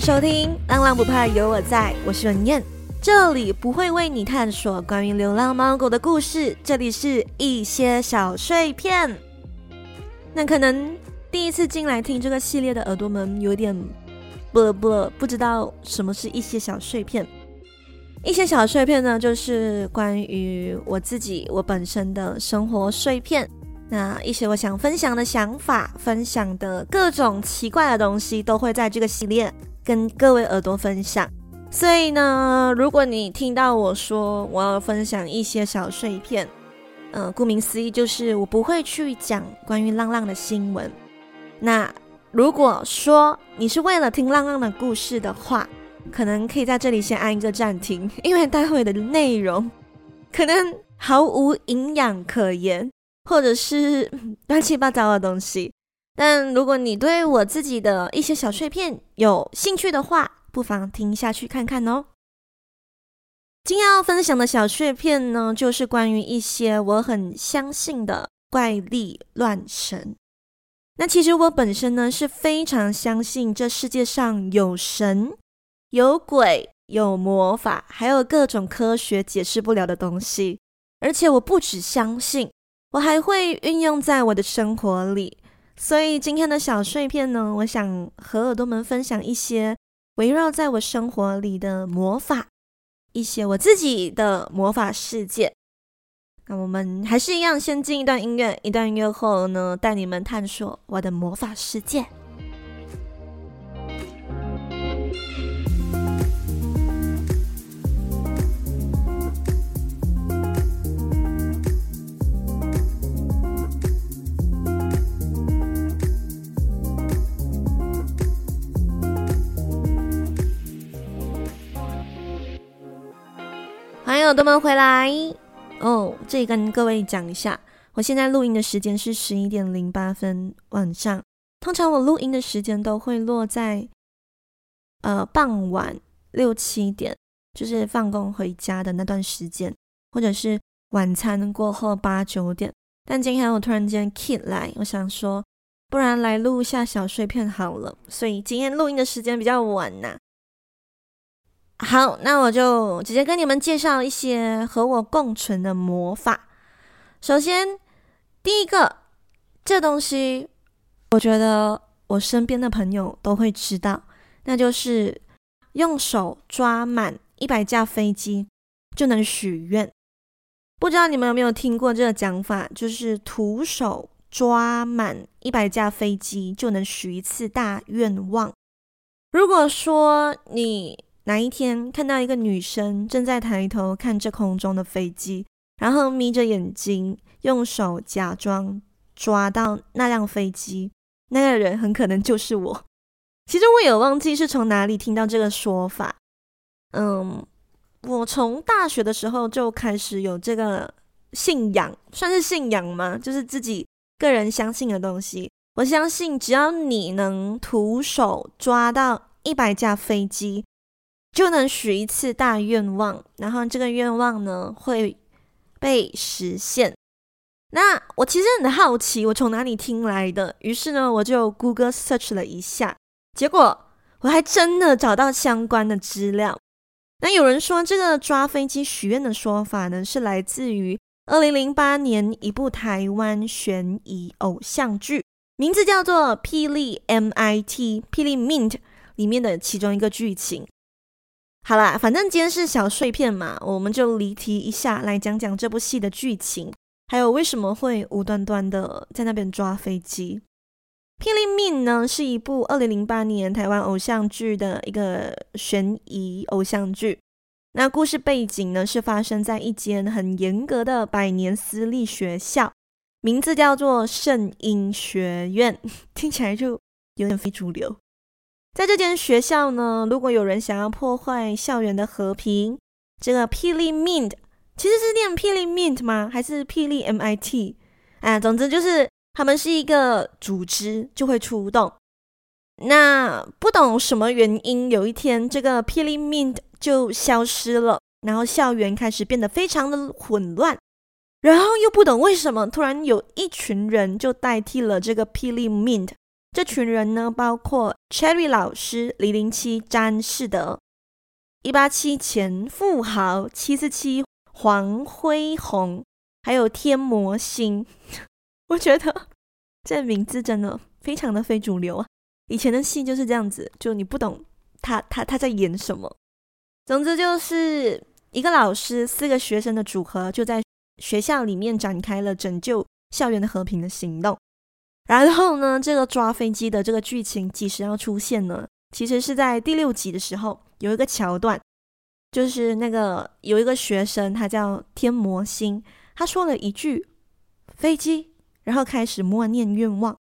收聽《浪浪不怕有我在》，我是文燕。這裡不會為你探索關於流浪貓狗的故事，這裡是一些小碎片。那可能第一次進來聽這個系列的耳朵們有點不不不知道什麼是一些小碎片。一些小碎片呢，就是關於我自己我本身的生活碎片，那一些我想分享的想法、分享的各種奇怪的東西，都會在這個系列。跟各位耳朵分享，所以呢，如果你聽到我說我要分享一些小碎片，嗯、呃，顧名思義就是我不會去講關於浪浪的新聞。那如果說你是為了聽浪浪的故事的話，可能可以在這裡先按一個暫停，因為待會的內容可能毫無營養可言，或者是亂七八糟的東西。但如果你對我自己的一些小碎片有興趣的話，不妨聽下去看看哦。今天要分享的小碎片呢，就是關於一些我很相信的怪力亂神。那其實我本身呢，是非常相信這世界上有神、有鬼、有魔法，還有各種科學解釋不了的東西。而且我不止相信，我還會運用在我的生活裡。所以今天的小碎片呢，我想和耳朵們分享一些圍繞在我生活裡的魔法，一些我自己的魔法世界。那我們還是一樣，先進一段音樂，一段音樂後呢，帶你們探索我的魔法世界。好友們回來哦！Oh, 這裡跟各位講一下，我現在錄音的時間是十一點零八分晚上。通常我錄音的時間都會落在呃傍晚六七點，就是放工回家的那段時間，或者是晚餐過後八九點。但今天我突然間 keep 來，我想說，不然來錄一下小碎片好了，所以今天錄音的時間比較晚吶、啊。好，那我就直接跟你們介紹一些和我共存的魔法。首先，第一個，這東西，我覺得我身邊的朋友都會知道，那就是用手抓滿一百架飛機就能許願。不知道你們有沒有聽過這個講法，就是徒手抓滿一百架飛機就能許一次大願望。如果說你。哪一天看到一個女生正在抬頭看着空中的飛機，然後眯着眼睛，用手假裝抓到那輛飛機，那個人很可能就是我。其實我有忘記是從哪裡聽到這個說法。嗯，我從大學的時候就開始有這個信仰，算是信仰嗎？就是自己個人相信的東西。我相信，只要你能徒手抓到一百架飛機。就能許一次大願望，然後這個願望呢，會被實現。那我其實很好奇，我從哪裡聽來的？於是呢，我就 Google search 了一下，結果我還真的找到相關的資料。那有人說，這個抓飛機許願的說法呢，是來自於二零零八年一部台灣懸疑偶像劇，名字叫做《霹靂 MIT》《霹靂 Mint》裡面的其中一個劇情。好啦，反正今天是小碎片嘛，我們就離題一下，來講講這部戲的劇情，還有為什麼會無端端的在那邊抓飛機。《霹靂 MIT》呢，是一部二零零八年台灣偶像劇的一個懸疑偶像劇。那故事背景呢，是發生在一間很嚴格的百年私立學校，名字叫做聖英學院，聽起來就有點非主流。在這間學校呢，如果有人想要破壞校園的和平，這個霹靂 Mint 其實是念霹靂 Mint 嗎？還是霹靂 MIT？啊，總之就是他們是一個組織就會出動。那不懂什麼原因，有一天這個霹靂 Mint 就消失了，然後校園開始變得非常的混亂。然後又不懂為什麼，突然有一群人就代替了這個霹靂 Mint。這群人呢，包括 Cherry 老師、零零七詹士德、一八七錢富豪、七四七黃輝宏，還有天魔星。 我覺得這名字真的非常的非主流啊！以前的戲就是這樣子，就你不懂他他他在演什麼。總之就是一個老師、四個學生的組合，就在學校裡面展開了拯救校園的和平的行動。然後呢，這個抓飛機的這個劇情幾時要出現呢？其實是在第六集的時候，有一個橋段，就是那個有一個學生，他叫天魔星，他說了一句飛機，然後開始默念願望。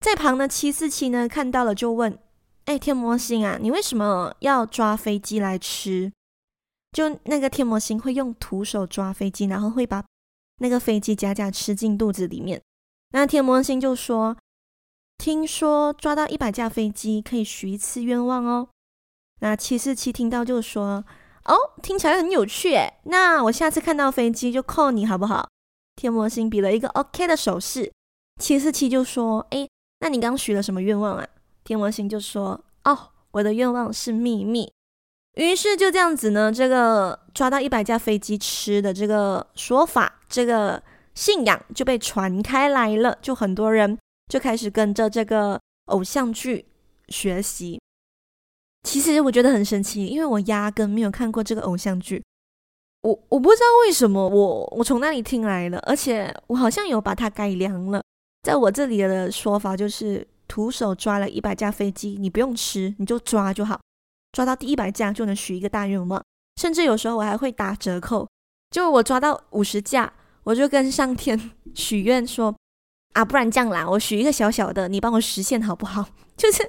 在旁的七四七呢看到了就問：“哎，天魔星啊，你為什麼要抓飛機來吃？”就那個天魔星會用徒手抓飛機，然後會把那個飛機夾夾吃進肚子裡面。那天魔星就說：“聽說抓到一百架飛機可以許一次願望哦。”那七四七聽到就說：“哦，聽起來很有趣哎，那我下次看到飛機就扣你好不好？”天魔星比了一個 OK 的手勢，七四七就說：“哎，那你剛許了什麼願望啊？”天魔星就說：“哦，我的願望是秘密。”於是就這樣子呢，這個抓到一百架飛機吃的這個說法，這個。信仰就被傳開來了，就很多人就開始跟着這個偶像劇學習。其實我覺得很神奇，因為我壓根沒有看過這個偶像劇，我我不知道為什麼我我從那裡聽來了，而且我好像有把它改良了。在我這裡的說法就是，徒手抓了一百架飛機，你不用吃，你就抓就好，抓到第一百架就能許一個大願望。甚至有時候我還會打折扣，就我抓到五十架。我就跟上天許願說：“啊，不然這樣啦，我許一個小小的，你幫我實現好不好？”就是，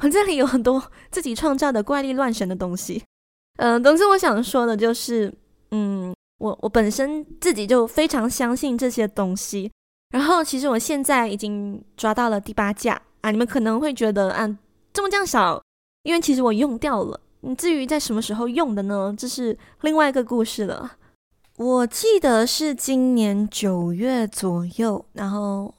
我這裡有很多自己創造的怪力亂神的東西。嗯、呃，總之我想說的就是，嗯，我我本身自己就非常相信這些東西。然後，其實我現在已經抓到了第八架啊！你們可能會覺得，啊，這麼這樣少，因為其實我用掉了。你至於在什麼時候用的呢？這是另外一個故事了。我記得是今年九月左右，然後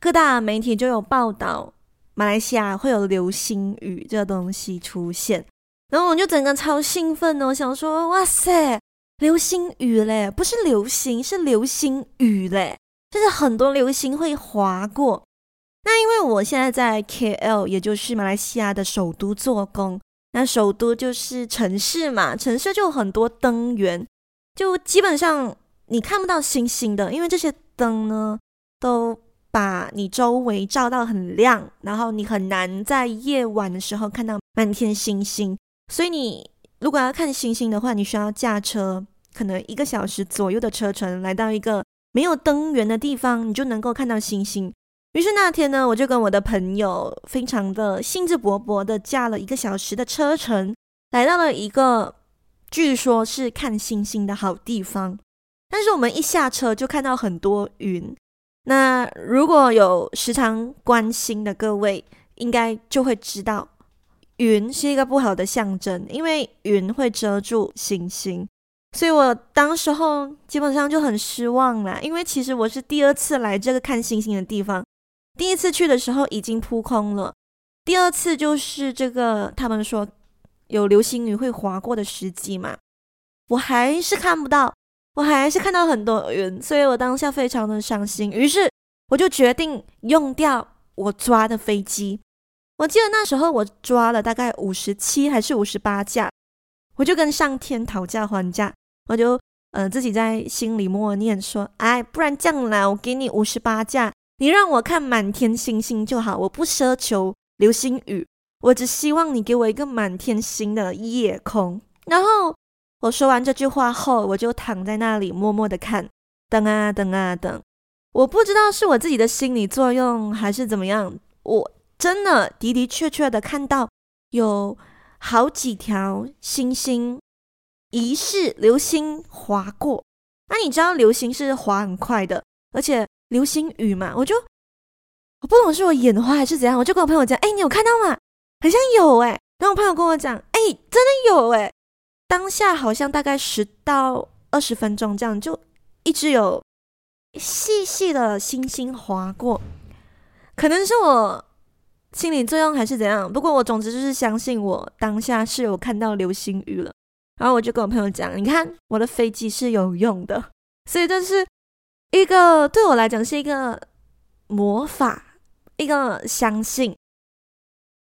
各大媒體就有報道馬來西亞會有流星雨這東西出現，然後我就整個超興奮哦，我想說哇塞，流星雨嘞，不是流星，是流星雨嘞，就是很多流星會劃過。那因為我現在在 KL，也就是馬來西亞的首都做工，那首都就是城市嘛，城市就有很多燈源。就基本上你看不到星星的，因為這些燈呢都把你周圍照到很亮，然後你很難在夜晚的時候看到滿天星星。所以你如果要看星星的話，你需要駕車可能一個小時左右的車程，來到一個沒有燈源的地方，你就能夠看到星星。於是那天呢，我就跟我的朋友非常的興致勃勃地駕了一個小時的車程，來到了一個。據說，是看星星的好地方。但是我們一下車就看到很多雲。那如果有時常觀星的各位，應該就會知道，雲是一個不好的象徵，因為雲會遮住星星。所以我當時候基本上就很失望啦，因為其實我是第二次來這個看星星的地方，第一次去的時候已經撲空了，第二次就是這個他們說。有流星雨會劃過的時機嘛？我還是看不到，我還是看到很多雲，所以我當下非常的傷心。於是我就決定用掉我抓的飛機。我記得那時候我抓了大概五十七還是五十八架，我就跟上天討價還價，我就呃自己在心裡默念說：“哎，不然將來，我給你五十八架，你讓我看滿天星星就好，我不奢求流星雨。”我只希望你給我一個滿天星的夜空。然後我說完這句話後，我就躺在那裡默默的看，等啊等啊等。我不知道是我自己的心理作用還是怎麼樣，我真的的的確確的看到有好幾條星星，疑似流星劃過。那、啊、你知道流星是劃很快的，而且流星雨嘛，我就我不懂是我眼花還是怎樣，我就跟我朋友講，哎，你有看到嗎？好像有哎、欸，然後我朋友跟我講，哎、欸，真的有哎、欸，當下好像大概十到二十分鐘這樣，就一直有細細的星星劃過，可能是我心理作用還是怎樣，不過我總之就是相信我當下是有看到流星雨了。然後我就跟我朋友講，你看我的飛機是有用的，所以這是一個對我來講是一個魔法，一個相信。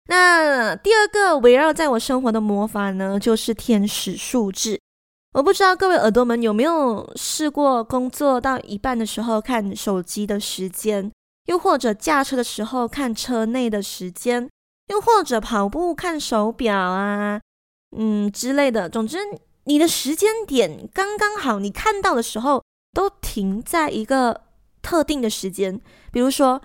那第二個圍繞在我生活的魔法呢，就是天使數字。我不知道各位耳朵們有沒有試過，工作到一半的時候看手機的時間，又或者駕車的時候看車內的時間，又或者跑步看手錶啊，嗯、之類的。總之，你的時間點剛剛好，你看到的時候都停在一個特定的時間，比如說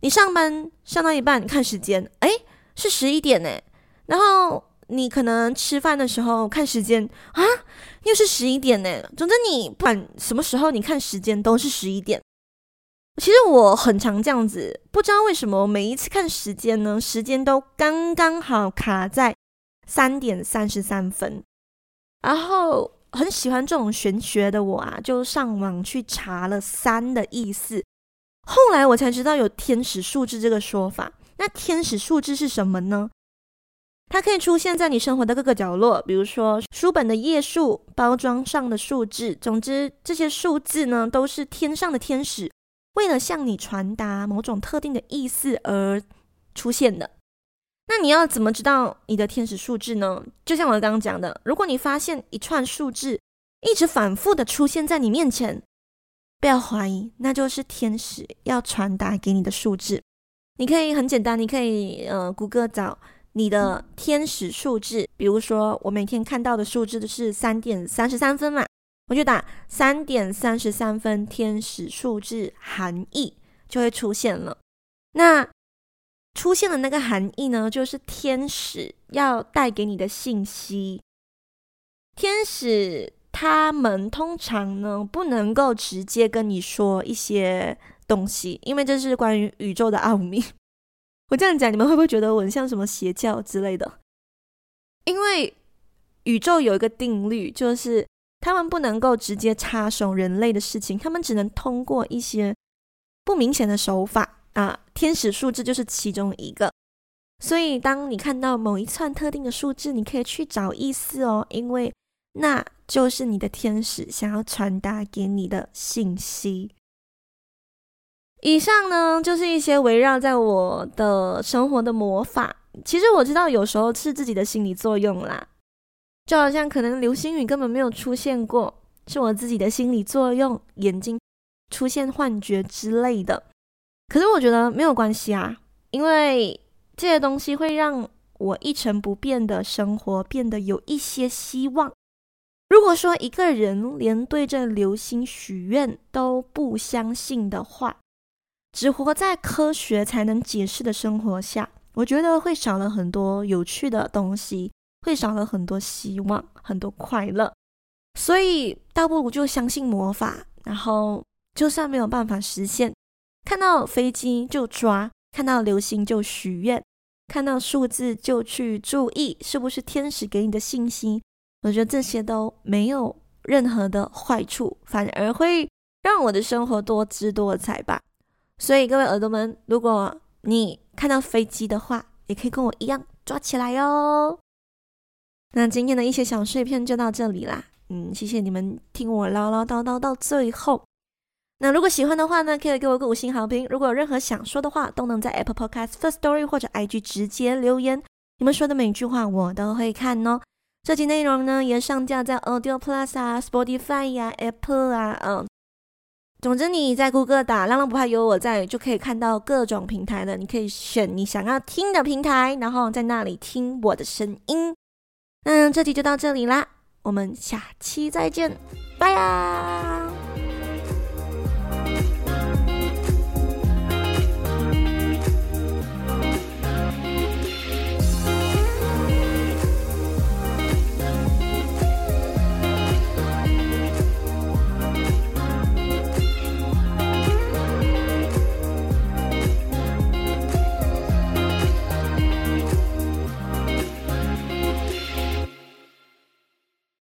你上班上到一半看時間，哎、欸。是十一點呢，然後你可能吃飯的時候看時間啊，又是十一點呢。總之，你不管什麼時候你看時間都是十一點。其實我很常這樣子，不知道為什麼我每一次看時間呢，時間都剛剛好卡在三點三十三分。然後很喜歡這種玄學的我啊，就上網去查了三的意思。後來我才知道有天使數字這個說法。那天使數字是什麼呢？它可以出現在你生活的各個角落，比如說書本的頁數、包裝上的數字。總之，這些數字呢，都是天上的天使為了向你傳達某種特定的意思而出現的。那你要怎麼知道你的天使數字呢？就像我剛剛講的，如果你發現一串數字一直反復的出現在你面前，不要懷疑，那就是天使要傳達給你的數字。你可以很簡單，你可以呃，谷歌找你的天使數字。比如說，我每天看到的數字都是三點三十三分嘛，我就打三點三十三分天使數字含義就會出現了。那出現的那個含義呢，就是天使要帶給你的信息。天使他們通常呢，不能夠直接跟你說一些。東西，因為這是關於宇宙的奧秘。我這樣講，你們會不會覺得我很像什麼邪教之類的？因為宇宙有一個定律，就是他們不能夠直接插手人類的事情，他們只能通過一些不明顯的手法啊。天使數字就是其中一個。所以，當你看到某一串特定的數字，你可以去找意思哦，因為那就是你的天使想要傳達給你的信息。以上呢，就是一些圍繞在我的生活的魔法。其實我知道，有時候是自己的心理作用啦，就好像可能流星雨根本沒有出現過，是我自己的心理作用，眼睛出現幻覺之類的。可是我覺得沒有關係啊，因為這些東西會讓我一成不變的生活變得有一些希望。如果說一個人連對着流星許願都不相信的話，只活在科學才能解釋的生活下，我覺得會少了很多有趣的東西，會少了很多希望，很多快樂。所以，倒不如就相信魔法，然後就算沒有辦法實現，看到飛機就抓，看到流星就許願，看到數字就去注意是不是天使給你的信息。我覺得這些都沒有任何的壞處，反而會讓我的生活多姿多彩吧。所以各位耳朵們，如果你看到飛機的話，也可以跟我一樣抓起來喲。那今天的一些小碎片就到這裡啦。嗯，謝謝你們聽我嘮嘮叨叨到最後。那如果喜歡的話呢，可以給我一個五星好評。如果有任何想說的話，都能在 Apple Podcast、First Story 或者 IG 直接留言。你們說的每一句話我都會看哦。這集內容呢也上架在 Audio Plus 啊、Spotify 啊、Apple 啊、嗯。總之你在谷歌打“浪浪不怕，有我在”，就可以看到各種平台了。你可以選你想要聽的平台，然後在那裡聽我的聲音。那這集就到這裡啦，我們下期再見，拜拜。